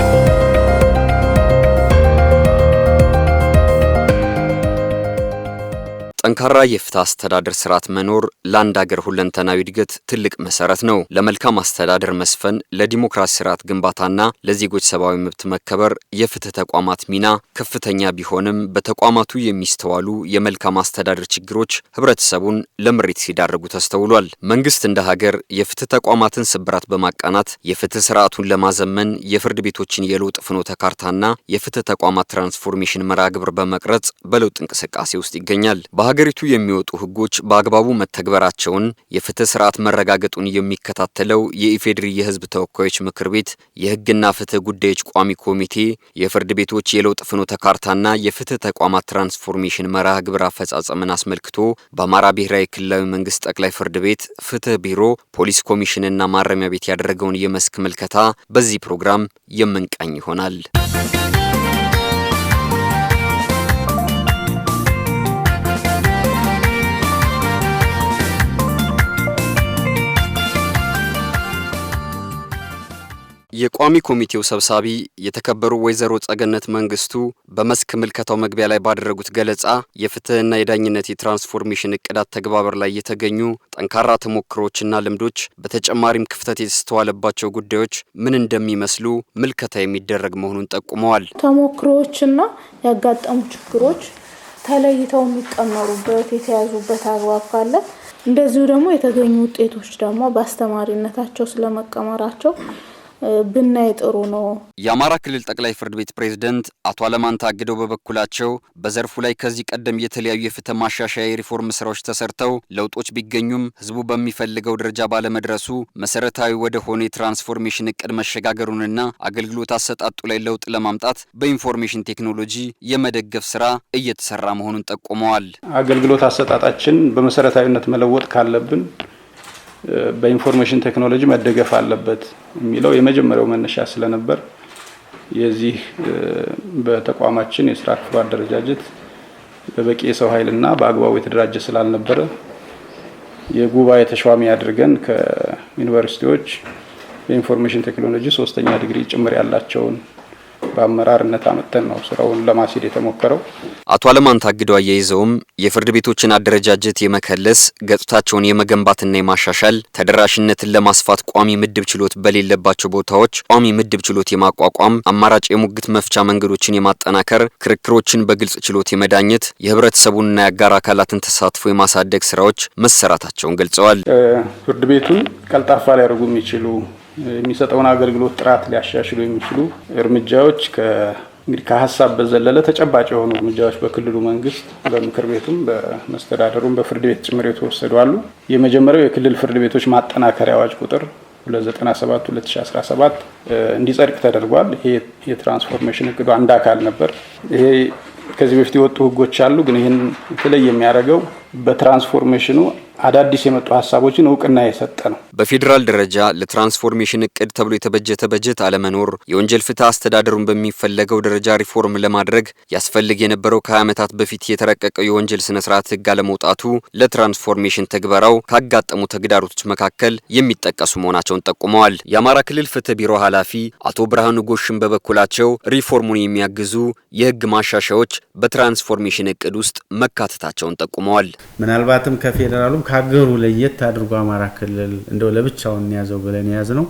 you. ጠንካራ የፍትህ አስተዳደር ስርዓት መኖር ለአንድ አገር ሁለንተናዊ እድገት ትልቅ መሰረት ነው። ለመልካም አስተዳደር መስፈን፣ ለዲሞክራሲ ስርዓት ግንባታና ለዜጎች ሰብአዊ መብት መከበር የፍትህ ተቋማት ሚና ከፍተኛ ቢሆንም በተቋማቱ የሚስተዋሉ የመልካም አስተዳደር ችግሮች ህብረተሰቡን ለምሬት ሲዳርጉ ተስተውሏል። መንግስት እንደ ሀገር የፍትህ ተቋማትን ስብራት በማቃናት የፍትህ ስርዓቱን ለማዘመን የፍርድ ቤቶችን የለውጥ ፍኖተ ካርታና የፍትህ ተቋማት ትራንስፎርሜሽን መርሃ ግብር በመቅረጽ በለውጥ እንቅስቃሴ ውስጥ ይገኛል። በሀገሪ ከሀገሪቱ የሚወጡ ህጎች በአግባቡ መተግበራቸውን የፍትህ ስርዓት መረጋገጡን የሚከታተለው የኢፌዴሪ የህዝብ ተወካዮች ምክር ቤት የህግና ፍትህ ጉዳዮች ቋሚ ኮሚቴ የፍርድ ቤቶች የለውጥ ፍኖተ ካርታና የፍትህ ተቋማት ትራንስፎርሜሽን መርሃ ግብር አፈጻጸምን አስመልክቶ በአማራ ብሔራዊ ክልላዊ መንግስት ጠቅላይ ፍርድ ቤት፣ ፍትህ ቢሮ፣ ፖሊስ ኮሚሽንና ማረሚያ ቤት ያደረገውን የመስክ ምልከታ በዚህ ፕሮግራም የምንቃኝ ይሆናል። የቋሚ ኮሚቴው ሰብሳቢ የተከበሩ ወይዘሮ ጸገነት መንግስቱ በመስክ ምልከታው መግቢያ ላይ ባደረጉት ገለጻ የፍትህና የዳኝነት የትራንስፎርሜሽን እቅድ አተገባበር ላይ የተገኙ ጠንካራ ተሞክሮዎችና ልምዶች፣ በተጨማሪም ክፍተት የተስተዋለባቸው ጉዳዮች ምን እንደሚመስሉ ምልከታ የሚደረግ መሆኑን ጠቁመዋል። ተሞክሮዎችና ያጋጠሙ ችግሮች ተለይተው የሚቀመሩበት የተያዙበት አግባብ ካለ እንደዚሁ ደግሞ የተገኙ ውጤቶች ደግሞ በአስተማሪነታቸው ስለመቀመራቸው ብናይ ጥሩ ነው። የአማራ ክልል ጠቅላይ ፍርድ ቤት ፕሬዝደንት አቶ አለማን ታግደው በበኩላቸው በዘርፉ ላይ ከዚህ ቀደም የተለያዩ የፍትህ ማሻሻያ የሪፎርም ስራዎች ተሰርተው ለውጦች ቢገኙም ህዝቡ በሚፈልገው ደረጃ ባለመድረሱ መሰረታዊ ወደ ሆነ የትራንስፎርሜሽን እቅድ መሸጋገሩንና አገልግሎት አሰጣጡ ላይ ለውጥ ለማምጣት በኢንፎርሜሽን ቴክኖሎጂ የመደገፍ ስራ እየተሰራ መሆኑን ጠቁመዋል። አገልግሎት አሰጣጣችን በመሰረታዊነት መለወጥ ካለብን በኢንፎርሜሽን ቴክኖሎጂ መደገፍ አለበት የሚለው የመጀመሪያው መነሻ ስለነበር የዚህ በተቋማችን የስራ ክፍሉ አደረጃጀት በበቂ የሰው ኃይልና በአግባቡ የተደራጀ ስላልነበረ የጉባኤ ተሿሚ አድርገን ከዩኒቨርሲቲዎች በኢንፎርሜሽን ቴክኖሎጂ ሶስተኛ ዲግሪ ጭምር ያላቸውን በአመራርነት አመጠን ነው ስራውን ለማስሄድ የተሞከረው። አቶ አለማን ታግደው አያይዘውም የፍርድ ቤቶችን አደረጃጀት የመከለስ ገጽታቸውን የመገንባትና የማሻሻል ተደራሽነትን ለማስፋት ቋሚ ምድብ ችሎት በሌለባቸው ቦታዎች ቋሚ ምድብ ችሎት የማቋቋም አማራጭ የሙግት መፍቻ መንገዶችን የማጠናከር ክርክሮችን በግልጽ ችሎት የመዳኘት የህብረተሰቡንና የአጋር አካላትን ተሳትፎ የማሳደግ ስራዎች መሰራታቸውን ገልጸዋል። ፍርድ ቤቱን ቀልጣፋ ሊያደርጉ የሚችሉ የሚሰጠውን አገልግሎት ጥራት ሊያሻሽሉ የሚችሉ እርምጃዎች እንግዲህ ከሀሳብ በዘለለ ተጨባጭ የሆኑ እርምጃዎች በክልሉ መንግስት በምክር ቤቱም በመስተዳደሩም በፍርድ ቤት ጭምር የተወሰዱ አሉ። የመጀመሪያው የክልል ፍርድ ቤቶች ማጠናከሪያ አዋጅ ቁጥር 297 2017 እንዲጸድቅ ተደርጓል። ይሄ የትራንስፎርሜሽን እቅዱ አንድ አካል ነበር። ይሄ ከዚህ በፊት የወጡ ህጎች አሉ፣ ግን ይህን የተለየ የሚያደርገው በትራንስፎርሜሽኑ አዳዲስ የመጡ ሀሳቦችን እውቅና የሰጠ ነው። በፌዴራል ደረጃ ለትራንስፎርሜሽን እቅድ ተብሎ የተበጀተ በጀት አለመኖር የወንጀል ፍትህ አስተዳደሩን በሚፈለገው ደረጃ ሪፎርም ለማድረግ ያስፈልግ የነበረው ከ20 ዓመታት በፊት የተረቀቀው የወንጀል ስነ ስርዓት ህግ አለመውጣቱ ለትራንስፎርሜሽን ተግበራው ካጋጠሙ ተግዳሮቶች መካከል የሚጠቀሱ መሆናቸውን ጠቁመዋል። የአማራ ክልል ፍትህ ቢሮ ኃላፊ አቶ ብርሃኑ ጎሽን በበኩላቸው ሪፎርሙን የሚያግዙ የህግ ማሻሻዎች በትራንስፎርሜሽን እቅድ ውስጥ መካተታቸውን ጠቁመዋል። ምናልባትም ከፌዴራሉም ከሀገሩ ለየት አድርጎ አማራ ክልል እንደው ለብቻውን እንያዘው ብለን የያዝ ነው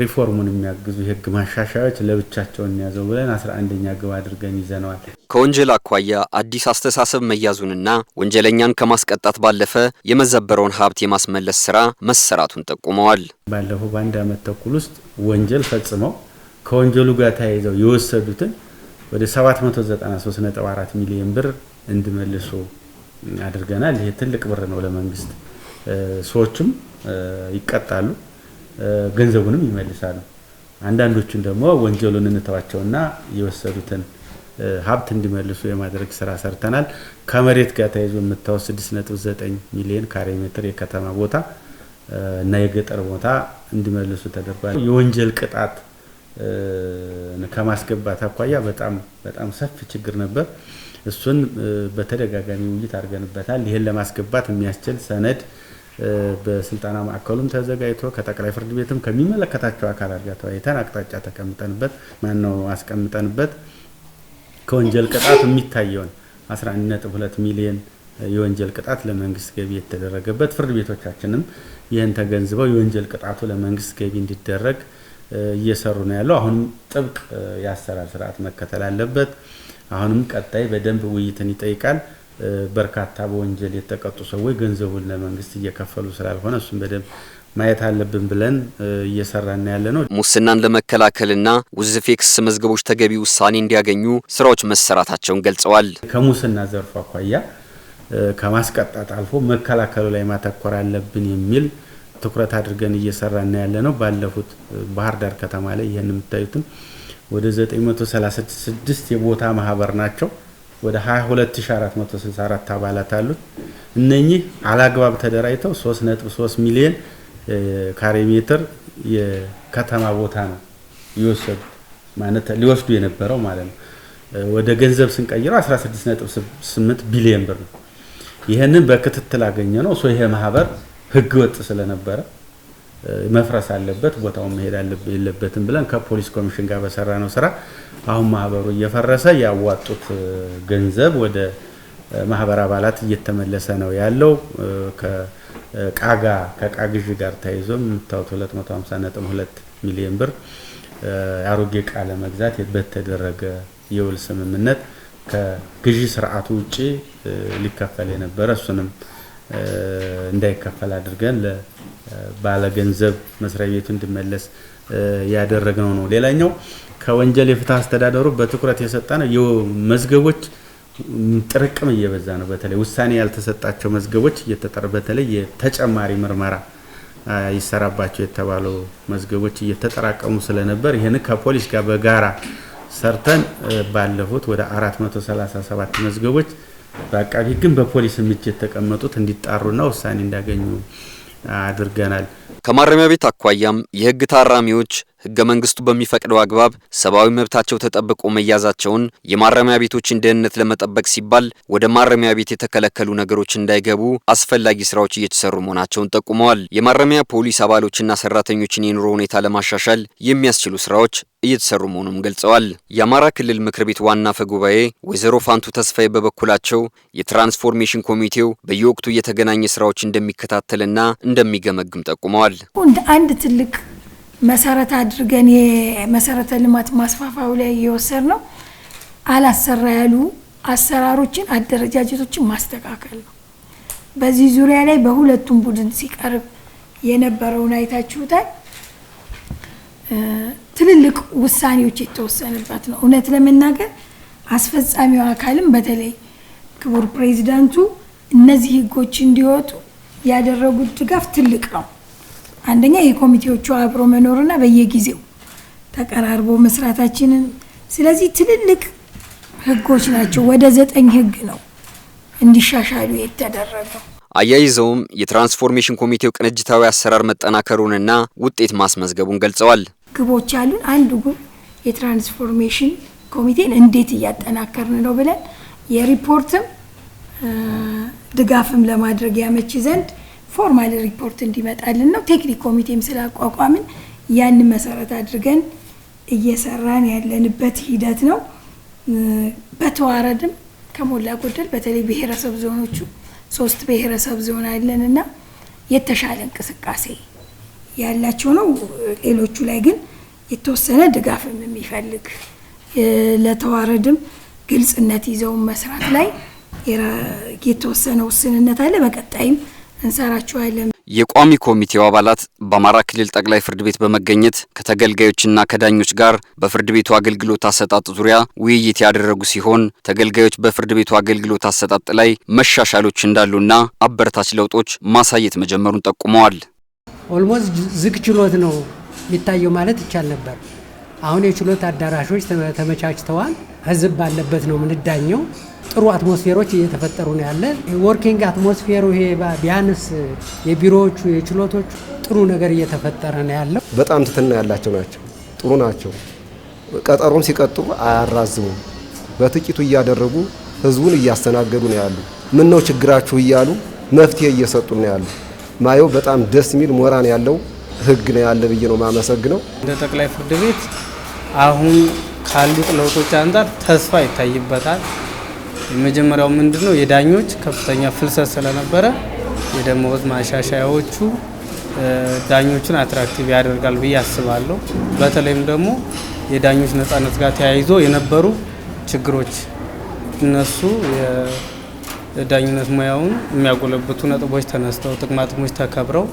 ሪፎርሙን የሚያግዙ የህግ ማሻሻዮች ለብቻቸው እንያዘው ብለን አስራ አንደኛ ግብ አድርገን ይዘነዋል። ከወንጀል አኳያ አዲስ አስተሳሰብ መያዙንና ወንጀለኛን ከማስቀጣት ባለፈ የመዘበረውን ሀብት የማስመለስ ስራ መሰራቱን ጠቁመዋል። ባለፈው በአንድ አመት ተኩል ውስጥ ወንጀል ፈጽመው ከወንጀሉ ጋር ተያይዘው የወሰዱትን ወደ 793.4 ሚሊዮን ብር እንዲመልሱ አድርገናል። ይሄ ትልቅ ብር ነው ለመንግስት። ሰዎችም ይቀጣሉ፣ ገንዘቡንም ይመልሳሉ። አንዳንዶቹን ደግሞ ወንጀሉን እንተዋቸውና የወሰዱትን ሀብት እንዲመልሱ የማድረግ ስራ ሰርተናል። ከመሬት ጋር ተያይዞ የምታወ 6.9 ሚሊዮን ካሬ ሜትር የከተማ ቦታ እና የገጠር ቦታ እንዲመልሱ ተደርጓል። የወንጀል ቅጣት ከማስገባት አኳያ በጣም በጣም ሰፊ ችግር ነበር። እሱን በተደጋጋሚ ውይይት አድርገንበታል። ይህን ለማስገባት የሚያስችል ሰነድ በስልጠና ማዕከሉም ተዘጋጅቶ ከጠቅላይ ፍርድ ቤትም ከሚመለከታቸው አካላት ጋር ተወያይተን አቅጣጫ ተቀምጠንበት ማነው አስቀምጠንበት ከወንጀል ቅጣት የሚታየውን 11.2 ሚሊዮን የወንጀል ቅጣት ለመንግስት ገቢ የተደረገበት ፍርድ ቤቶቻችንም ይህን ተገንዝበው የወንጀል ቅጣቱ ለመንግስት ገቢ እንዲደረግ እየሰሩ ነው ያለው። አሁንም ጥብቅ የአሰራር ስርዓት መከተል አለበት። አሁንም ቀጣይ በደንብ ውይይትን ይጠይቃል። በርካታ በወንጀል የተቀጡ ሰዎች ገንዘቡን ለመንግስት እየከፈሉ ስላልሆነ እሱም በደንብ ማየት አለብን ብለን እየሰራን ያለ ነው። ሙስናን ለመከላከልና ውዝፍ የክስ መዝገቦች ተገቢ ውሳኔ እንዲያገኙ ስራዎች መሰራታቸውን ገልጸዋል። ከሙስና ዘርፍ አኳያ ከማስቀጣት አልፎ መከላከሉ ላይ ማተኮር አለብን የሚል ትኩረት አድርገን እየሰራን ያለ ነው። ባለፉት ባህር ዳር ከተማ ላይ ይህን የምታዩትም ወደ 936 የቦታ ማህበር ናቸው። ወደ 22464 አባላት አሉት። እነኚህ አላግባብ ተደራጅተው 3.3 ሚሊዮን ካሬ ሜትር የከተማ ቦታ ነው ይወሰዱ ማለት ሊወስዱ የነበረው ማለት ነው። ወደ ገንዘብ ስንቀይረው 16.8 ቢሊዮን ብር ነው። ይህንን በክትትል አገኘ ነው። ይሄ ማህበር ህገ ወጥ ስለነበረ መፍረስ አለበት፣ ቦታውን መሄድ የለበትም ብለን ከፖሊስ ኮሚሽን ጋር በሰራ ነው ስራ አሁን ማህበሩ እየፈረሰ ያዋጡት ገንዘብ ወደ ማህበር አባላት እየተመለሰ ነው ያለው። ከቃጋ ከቃ ግዢ ጋር ተያይዞ የምታዩት 252 ሚሊዮን ብር አሮጌ እቃ ለመግዛት በተደረገ የውል ስምምነት ከግዢ ስርዓቱ ውጪ ሊከፈል የነበረ እሱንም እንዳይከፈል አድርገን ባለገንዘብ መስሪያ ቤቱ እንዲመለስ ያደረግነው ነው። ሌላኛው ከወንጀል የፍትህ አስተዳደሩ በትኩረት የሰጠ ነው። መዝገቦች ጥርቅም እየበዛ ነው። በተለይ ውሳኔ ያልተሰጣቸው መዝገቦች እየተጠር በተለይ የተጨማሪ ምርመራ ይሰራባቸው የተባሉ መዝገቦች እየተጠራቀሙ ስለነበር ይህን ከፖሊስ ጋር በጋራ ሰርተን ባለፉት ወደ 437 መዝገቦች በአቃቢ ሕግም በፖሊስ እጅ የተቀመጡት እንዲጣሩና ውሳኔ እንዳገኙ አድርገናል። ከማረሚያ ቤት አኳያም የህግ ታራሚዎች ህገ መንግስቱ በሚፈቅደው አግባብ ሰብአዊ መብታቸው ተጠብቆ መያዛቸውን፣ የማረሚያ ቤቶችን ደህንነት ለመጠበቅ ሲባል ወደ ማረሚያ ቤት የተከለከሉ ነገሮች እንዳይገቡ አስፈላጊ ስራዎች እየተሰሩ መሆናቸውን ጠቁመዋል። የማረሚያ ፖሊስ አባሎችና ሰራተኞችን የኑሮ ሁኔታ ለማሻሻል የሚያስችሉ ስራዎች እየተሰሩ መሆኑም ገልጸዋል። የአማራ ክልል ምክር ቤት ዋና አፈ ጉባኤ ወይዘሮ ፋንቱ ተስፋዬ በበኩላቸው የትራንስፎርሜሽን ኮሚቴው በየወቅቱ እየተገናኘ ስራዎች እንደሚከታተልና እንደሚገመግም ጠቁመዋል። እንደ አንድ ትልቅ መሰረት አድርገን የመሰረተ ልማት ማስፋፋው ላይ ነው። አላሰራ ያሉ አሰራሮችን፣ አደረጃጀቶችን ማስተካከል ነው። በዚህ ዙሪያ ላይ በሁለቱም ቡድን ሲቀርብ የነበረውን አይታችሁታል። ትልልቅ ውሳኔዎች የተወሰነበት ነው። እውነት ለመናገር አስፈጻሚው አካልም በተለይ ክቡር ፕሬዚዳንቱ እነዚህ ህጎች እንዲወጡ ያደረጉት ድጋፍ ትልቅ ነው። አንደኛ የኮሚቴዎቹ አብሮ መኖርና በየጊዜው ተቀራርቦ መስራታችንን። ስለዚህ ትልልቅ ህጎች ናቸው። ወደ ዘጠኝ ህግ ነው እንዲሻሻሉ የተደረገው። አያይዘውም የትራንስፎርሜሽን ኮሚቴው ቅንጅታዊ አሰራር መጠናከሩንና ውጤት ማስመዝገቡን ገልጸዋል። ግቦች አሉን። አንዱ ግብ የትራንስፎርሜሽን ኮሚቴን እንዴት እያጠናከርን ነው ብለን የሪፖርትም ድጋፍም ለማድረግ ያመች ዘንድ ፎርማል ሪፖርት እንዲመጣልን ነው። ቴክኒክ ኮሚቴም ስላቋቋምን ያንን መሰረት አድርገን እየሰራን ያለንበት ሂደት ነው። በተዋረድም ከሞላ ጎደል በተለይ ብሔረሰብ ዞኖቹ ሶስት ብሔረሰብ ዞን አለን እና የተሻለ እንቅስቃሴ ያላቸው ነው። ሌሎቹ ላይ ግን የተወሰነ ድጋፍም የሚፈልግ ለተዋረድም ግልጽነት ይዘውን መስራት ላይ የተወሰነ ውስንነት አለ። በቀጣይም እንሰራችኋለን። የቋሚ ኮሚቴው አባላት በአማራ ክልል ጠቅላይ ፍርድ ቤት በመገኘት ከተገልጋዮችና ከዳኞች ጋር በፍርድ ቤቱ አገልግሎት አሰጣጥ ዙሪያ ውይይት ያደረጉ ሲሆን ተገልጋዮች በፍርድ ቤቱ አገልግሎት አሰጣጥ ላይ መሻሻሎች እንዳሉና አበረታች ለውጦች ማሳየት መጀመሩን ጠቁመዋል። ኦልሞስት ዝግ ችሎት ነው የሚታየው ማለት ይቻል ነበር። አሁን የችሎት አዳራሾች ተመቻችተዋል። ህዝብ ባለበት ነው ምንዳኘው። ጥሩ አትሞስፌሮች እየተፈጠሩ ነው ያለ። ወርኪንግ አትሞስፌሩ ይሄ ቢያንስ የቢሮዎቹ የችሎቶቹ ጥሩ ነገር እየተፈጠረ ነው ያለው። በጣም ትትና ያላቸው ናቸው፣ ጥሩ ናቸው። ቀጠሮም ሲቀጥሩ አያራዝሙም። በጥቂቱ እያደረጉ ህዝቡን እያስተናገዱ ነው ያሉ። ምን ነው ችግራችሁ እያሉ መፍትሄ እየሰጡ ነው ያሉ። ማየው በጣም ደስ የሚል ሞራን ያለው ህግ ነው ያለ ብዬ ነው ማመሰግነው። እንደ ጠቅላይ ፍርድ ቤት አሁን ካሉት ለውጦች አንጻር ተስፋ ይታይበታል። የመጀመሪያው ምንድነው የዳኞች ከፍተኛ ፍልሰት ስለነበረ የደመወዝ ማሻሻያዎቹ ዳኞቹን አትራክቲቭ ያደርጋል ብዬ አስባለሁ። በተለይም ደግሞ የዳኞች ነጻነት ጋር ተያይዞ የነበሩ ችግሮች እነሱ የዳኝነት ሙያውን የሚያጎለብቱ ነጥቦች ተነስተው ጥቅማ ጥቅሞች ተከብረው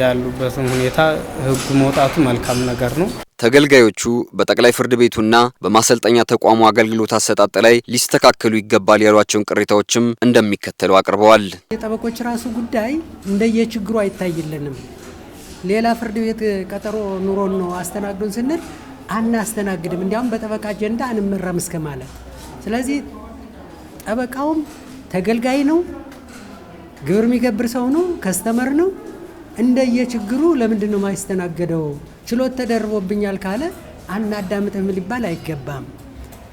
ያሉበትን ሁኔታ ህጉ መውጣቱ መልካም ነገር ነው። ተገልጋዮቹ በጠቅላይ ፍርድ ቤቱና በማሰልጠኛ ተቋሙ አገልግሎት አሰጣጥ ላይ ሊስተካከሉ ይገባል ያሏቸውን ቅሬታዎችም እንደሚከተሉ አቅርበዋል። የጠበቆች ራሱ ጉዳይ እንደየችግሩ አይታይልንም። ሌላ ፍርድ ቤት ቀጠሮ ኑሮን ነው አስተናግዱን ስንል አናስተናግድም፣ እንዲያውም በጠበቃ አጀንዳ አንመራም እስከ ማለት። ስለዚህ ጠበቃውም ተገልጋይ ነው፣ ግብር የሚገብር ሰው ነው፣ ከስተመር ነው። እንደየችግሩ ለምንድን ነው ማይስተናገደው? ችሎት ተደርቦብኛል ካለ አናዳምጥም ሊባል አይገባም።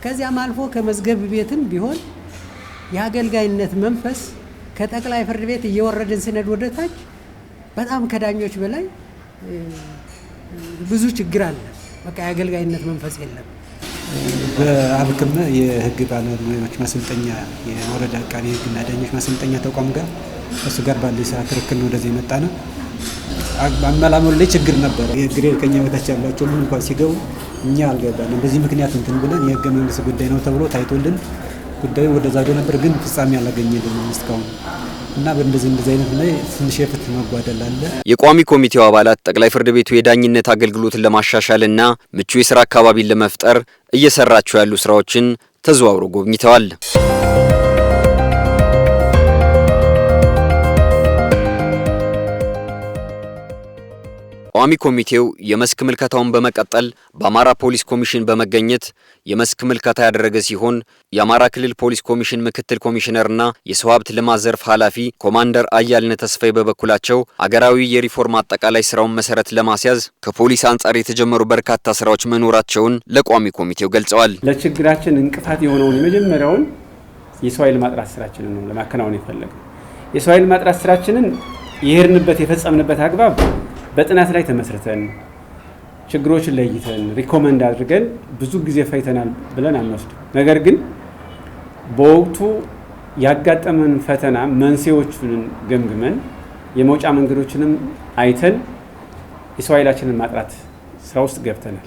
ከዚያም አልፎ ከመዝገብ ቤትም ቢሆን የአገልጋይነት መንፈስ ከጠቅላይ ፍርድ ቤት እየወረድን ስነድ ወደታች በጣም ከዳኞች በላይ ብዙ ችግር አለ። በቃ የአገልጋይነት መንፈስ የለም። በአብቅመ የህግ ባለሙያዎች ማሰልጠኛ የወረዳ አቃቢ ህግና ዳኞች ማሰልጠኛ ተቋም ጋር እሱ ጋር ባለ ስራ ክርክር ነው ወደዚህ የመጣ ነው። አመላመሉ ላይ ችግር ነበረ። ግሬድ ከኛ በታች ያላቸው ምን እንኳን ሲገቡ እኛ አልገባንም። በዚህ ምክንያት እንትን ብለን የህገ መንግስት ጉዳይ ነው ተብሎ ታይቶልን ጉዳዩ ወደዛ ሄዶ ነበር፣ ግን ፍጻሜ አላገኘልንም እስካሁን እና በእንደዚህ እንደዚህ አይነት ላይ ትንሽ የፍትህ መጓደል አለ። የቋሚ ኮሚቴው አባላት ጠቅላይ ፍርድ ቤቱ የዳኝነት አገልግሎትን ለማሻሻልና ምቹ የስራ አካባቢን ለመፍጠር እየሰራቸው ያሉ ስራዎችን ተዘዋውሮ ጎብኝተዋል። ቋሚ ኮሚቴው የመስክ ምልከታውን በመቀጠል በአማራ ፖሊስ ኮሚሽን በመገኘት የመስክ ምልከታ ያደረገ ሲሆን የአማራ ክልል ፖሊስ ኮሚሽን ምክትል ኮሚሽነርና የሰው ሀብት ልማት ዘርፍ ኃላፊ ኮማንደር አያልነ ተስፋዬ በበኩላቸው አገራዊ የሪፎርም አጠቃላይ ስራውን መሰረት ለማስያዝ ከፖሊስ አንጻር የተጀመሩ በርካታ ስራዎች መኖራቸውን ለቋሚ ኮሚቴው ገልጸዋል። ለችግራችን እንቅፋት የሆነውን የመጀመሪያውን የሰው ኃይል ማጥራት ስራችንን ነው ለማከናወን የፈለግ የሰው ኃይል ማጥራት ስራችንን የሄድንበት የፈጸምንበት አግባብ በጥናት ላይ ተመስርተን ችግሮችን ለይተን ሪኮመንድ አድርገን ብዙ ጊዜ ፈይተናል ብለን አንወስድ። ነገር ግን በወቅቱ ያጋጠመን ፈተና መንስኤዎቹን ገምግመን የመውጫ መንገዶችንም አይተን የሰው ኃይላችንን ማጥራት ስራ ውስጥ ገብተናል።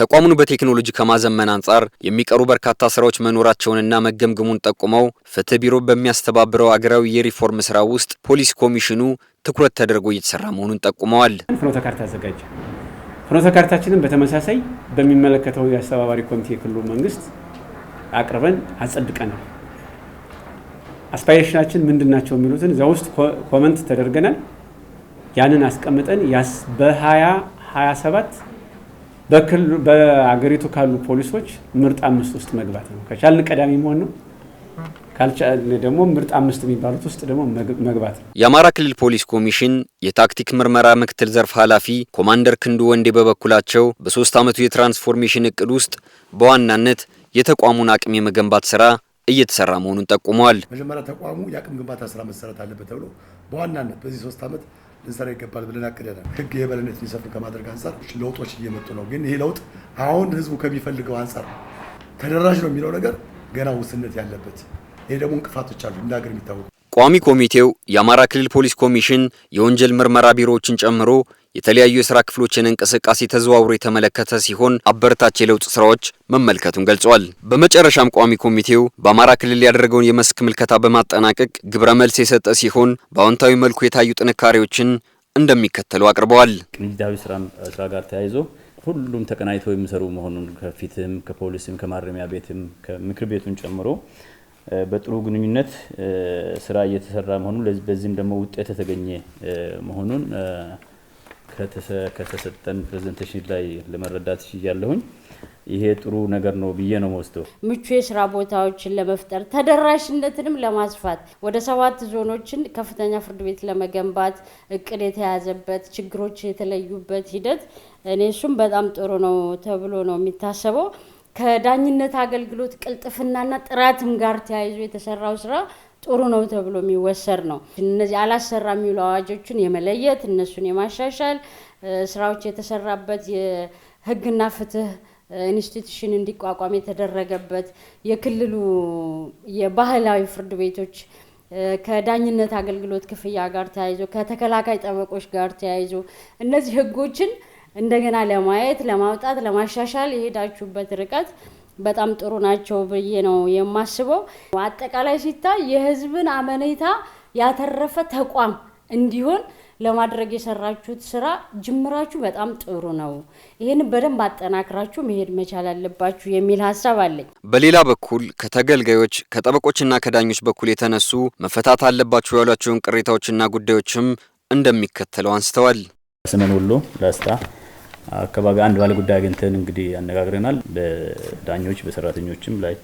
ተቋሙን በቴክኖሎጂ ከማዘመን አንጻር የሚቀሩ በርካታ ስራዎች መኖራቸውንና መገምገሙን ጠቁመው ፍትህ ቢሮ በሚያስተባብረው አገራዊ የሪፎርም ስራ ውስጥ ፖሊስ ኮሚሽኑ ትኩረት ተደርጎ እየተሰራ መሆኑን ጠቁመዋል። ፍኖተ ካርታ አዘጋጀ። ፍኖተ በተመሳሳይ በሚመለከተው የአስተባባሪ ኮሚቴ የክልሉ መንግስት አቅርበን አጸድቀናል። አስፓይሬሽናችን ምንድን ናቸው የሚሉትን እዚያ ውስጥ ኮመንት ተደርገናል። ያንን አስቀምጠን በ2027 በአገሪቱ ካሉ ፖሊሶች ምርጥ አምስት ውስጥ መግባት ነው። ከቻልን ቀዳሚ መሆን ነው ካልቻለ ደግሞ ምርጥ አምስት የሚባሉት ውስጥ ደግሞ መግባት ነው። የአማራ ክልል ፖሊስ ኮሚሽን የታክቲክ ምርመራ ምክትል ዘርፍ ኃላፊ ኮማንደር ክንዱ ወንዴ በበኩላቸው በሶስት ዓመቱ የትራንስፎርሜሽን እቅድ ውስጥ በዋናነት የተቋሙን አቅም የመገንባት ስራ እየተሰራ መሆኑን ጠቁመዋል። መጀመሪያ ተቋሙ የአቅም ግንባታ ስራ መሰረት አለበት ተብሎ በዋናነት በዚህ ሶስት ዓመት ልንሰራ ይገባል ብለን አቅደናል። ህግ የበላይነት እንዲሰፍን ከማድረግ አንጻር ለውጦች እየመጡ ነው። ግን ይህ ለውጥ አሁን ህዝቡ ከሚፈልገው አንጻር ተደራሽ ነው የሚለው ነገር ገና ውስንነት ያለበት፣ ይሄ ደግሞ እንቅፋቶች አሉ እንደ ሀገር የሚታወቁ ቋሚ ኮሚቴው የአማራ ክልል ፖሊስ ኮሚሽን የወንጀል ምርመራ ቢሮዎችን ጨምሮ የተለያዩ የስራ ክፍሎችን እንቅስቃሴ ተዘዋውሮ የተመለከተ ሲሆን አበረታች የለውጥ ስራዎች መመልከቱን ገልጿል። በመጨረሻም ቋሚ ኮሚቴው በአማራ ክልል ያደረገውን የመስክ ምልከታ በማጠናቀቅ ግብረ መልስ የሰጠ ሲሆን በአዎንታዊ መልኩ የታዩ ጥንካሬዎችን እንደሚከተሉ አቅርበዋል። ቅንጅታዊ ስራ ጋር ተያይዞ ሁሉም ተቀናይተው የሚሰሩ መሆኑን ከፊትም፣ ከፖሊስም፣ ከማረሚያ ቤትም ከምክር ቤቱን ጨምሮ በጥሩ ግንኙነት ስራ እየተሰራ መሆኑን በዚህም ደግሞ ውጤት የተገኘ መሆኑን ከተሰጠን ፕሬዘንቴሽን ላይ ለመረዳት ያለሁኝ ይሄ ጥሩ ነገር ነው ብዬ ነው መወስደው። ምቹ የስራ ቦታዎችን ለመፍጠር ተደራሽነትንም ለማስፋት ወደ ሰባት ዞኖችን ከፍተኛ ፍርድ ቤት ለመገንባት እቅድ የተያዘበት ችግሮች የተለዩበት ሂደት እኔ እሱም በጣም ጥሩ ነው ተብሎ ነው የሚታሰበው። ከዳኝነት አገልግሎት ቅልጥፍናና ጥራትም ጋር ተያይዞ የተሰራው ስራ ጥሩ ነው ተብሎ የሚወሰድ ነው። እነዚህ አላሰራ የሚውሉ አዋጆችን የመለየት እነሱን የማሻሻል ስራዎች የተሰራበት የህግና ፍትህ ኢንስቲትዩሽን እንዲቋቋም የተደረገበት የክልሉ የባህላዊ ፍርድ ቤቶች ከዳኝነት አገልግሎት ክፍያ ጋር ተያይዞ ከተከላካይ ጠበቆች ጋር ተያይዞ እነዚህ ህጎችን እንደገና ለማየት ለማውጣት ለማሻሻል የሄዳችሁበት ርቀት በጣም ጥሩ ናቸው ብዬ ነው የማስበው። አጠቃላይ ሲታይ የህዝብን አመኔታ ያተረፈ ተቋም እንዲሆን ለማድረግ የሰራችሁት ስራ ጅምራችሁ በጣም ጥሩ ነው። ይህን በደንብ አጠናክራችሁ መሄድ መቻል አለባችሁ የሚል ሀሳብ አለኝ። በሌላ በኩል ከተገልጋዮች ከጠበቆችና ከዳኞች በኩል የተነሱ መፈታት አለባችሁ ያሏቸውን ቅሬታዎችና ጉዳዮችም እንደሚከተለው አንስተዋል። ስነን ሁሉ ለስታ አካባቢ አንድ ባለጉዳይ አግኝተን እንግዲህ ያነጋግረናል። በዳኞች በሰራተኞችም ላይ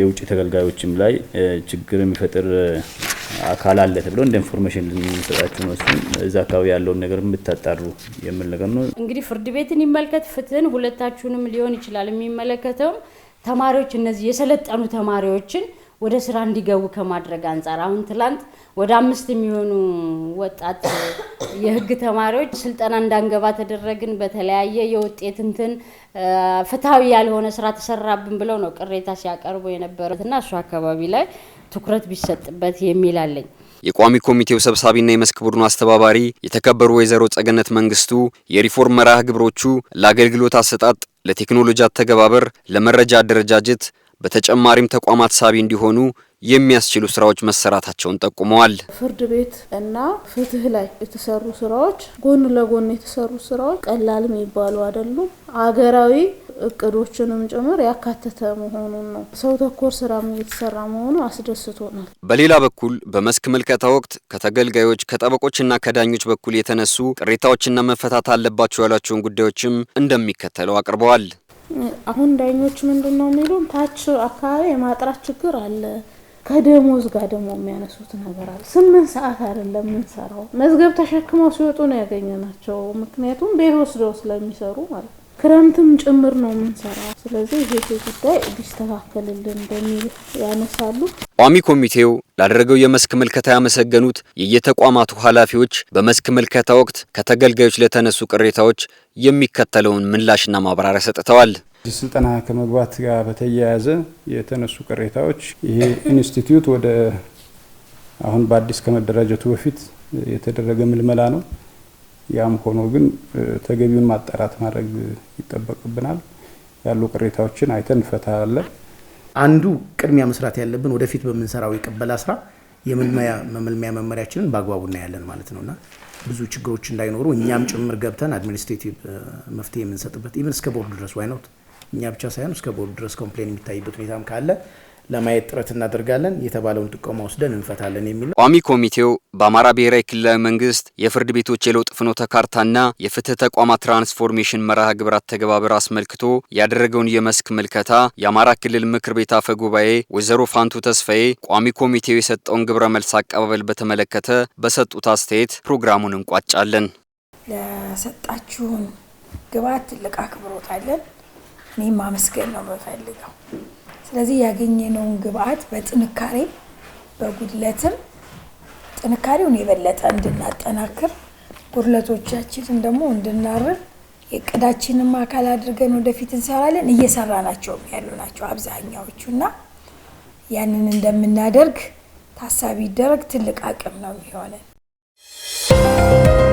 የውጭ ተገልጋዮችም ላይ ችግር የሚፈጥር አካል አለ ተብሎ እንደ ኢንፎርሜሽን ልንሰጣችሁ ነው። እሱም እዛ አካባቢ ያለውን ነገር የምታጣሩ የሚል ነገር ነው። እንግዲህ ፍርድ ቤትን ይመልከት፣ ፍትህን፣ ሁለታችሁንም ሊሆን ይችላል የሚመለከተውም ተማሪዎች እነዚህ የሰለጠኑ ተማሪዎችን ወደ ስራ እንዲገቡ ከማድረግ አንጻር አሁን ትላንት ወደ አምስት የሚሆኑ ወጣት የህግ ተማሪዎች ስልጠና እንዳንገባ ተደረግን፣ በተለያየ የውጤት እንትን ፍትሐዊ ያልሆነ ስራ ተሰራብን ብለው ነው ቅሬታ ሲያቀርቡ የነበረት እና እሱ አካባቢ ላይ ትኩረት ቢሰጥበት የሚል አለኝ። የቋሚ ኮሚቴው ሰብሳቢና የመስክ ቡድኑ አስተባባሪ የተከበሩ ወይዘሮ ጸገነት መንግስቱ የሪፎርም መርሃ ግብሮቹ ለአገልግሎት አሰጣጥ፣ ለቴክኖሎጂ አተገባበር፣ ለመረጃ አደረጃጀት በተጨማሪም ተቋማት ሳቢ እንዲሆኑ የሚያስችሉ ስራዎች መሰራታቸውን ጠቁመዋል። ፍርድ ቤት እና ፍትህ ላይ የተሰሩ ስራዎች ጎን ለጎን የተሰሩ ስራዎች ቀላል የሚባሉ አይደሉም። አገራዊ እቅዶችንም ጭምር ያካተተ መሆኑን ነው። ሰው ተኮር ስራም እየተሰራ መሆኑ አስደስቶናል። በሌላ በኩል በመስክ ምልከታ ወቅት ከተገልጋዮች ከጠበቆችና ከዳኞች በኩል የተነሱ ቅሬታዎችና መፈታት አለባቸው ያሏቸውን ጉዳዮችም እንደሚከተለው አቅርበዋል። አሁን ዳኞች ምንድን ነው የሚሉን ታች አካባቢ የማጥራት ችግር አለ። ከደሞዝ ጋር ደግሞ የሚያነሱት ነገር አለ። ስምንት ሰዓት አይደለም የምንሰራው። መዝገብ ተሸክመው ሲወጡ ነው ናቸው። ምክንያቱም ቤት ወስደው ስለሚሰሩ ማለት ነው። ክረምትም ጭምር ነው የምንሰራው። ስለዚህ ይሄ ጉዳይ ቢስተካከልልን በሚል ያነሳሉ። ቋሚ ኮሚቴው ላደረገው የመስክ ምልከታ ያመሰገኑት የየተቋማቱ ኃላፊዎች በመስክ ምልከታ ወቅት ከተገልጋዮች ለተነሱ ቅሬታዎች የሚከተለውን ምላሽና ማብራሪያ ሰጥተዋል። ስልጠና ከመግባት ጋር በተያያዘ የተነሱ ቅሬታዎች ይሄ ኢንስቲትዩት ወደ አሁን በአዲስ ከመደራጀቱ በፊት የተደረገ ምልመላ ነው። ያም ሆኖ ግን ተገቢውን ማጣራት ማድረግ ይጠበቅብናል። ያሉ ቅሬታዎችን አይተን እንፈታለን። አንዱ ቅድሚያ መስራት ያለብን ወደፊት በምንሰራው የቀበላ ስራ መመልመያ መመሪያችንን በአግባቡ እናያለን ማለት እና ብዙ ችግሮች እንዳይኖሩ እኛም ጭምር ገብተን አድሚኒስትሬቲቭ መፍትሄ የምንሰጥበት ኢቨን እስከ ቦርድ ድረስ ዋይኖት እኛ ብቻ ሳይሆን እስከ ቦርድ ድረስ ኮምፕሌን የሚታይበት ሁኔታም ካለ ለማየት ጥረት እናደርጋለን። የተባለውን ጥቆማ ወስደን እንፈታለን የሚለው ቋሚ ኮሚቴው በአማራ ብሔራዊ ክልላዊ መንግስት የፍርድ ቤቶች የለውጥ ፍኖተ ካርታና የፍትህ ተቋማት ትራንስፎርሜሽን መርሃ ግብራት ተገባበር አስመልክቶ ያደረገውን የመስክ ምልከታ የአማራ ክልል ምክር ቤት አፈ ጉባኤ ወይዘሮ ፋንቱ ተስፋዬ ቋሚ ኮሚቴው የሰጠውን ግብረ መልስ አቀባበል በተመለከተ በሰጡት አስተያየት ፕሮግራሙን እንቋጫለን። ለሰጣችሁን ግባት ትልቅ አክብሮት እኔ ማመስገን ነው የምፈልገው። ስለዚህ ያገኘነውን ግብአት በጥንካሬ በጉድለትም ጥንካሬውን የበለጠ እንድናጠናክር ጉድለቶቻችንን ደግሞ እንድናርም የእቅዳችንም አካል አድርገን ወደፊት እንሰራለን። እየሰራናቸውም ያሉ ናቸው አብዛኛዎቹ እና ያንን እንደምናደርግ ታሳቢ ይደረግ። ትልቅ አቅም ነው የሚሆነን።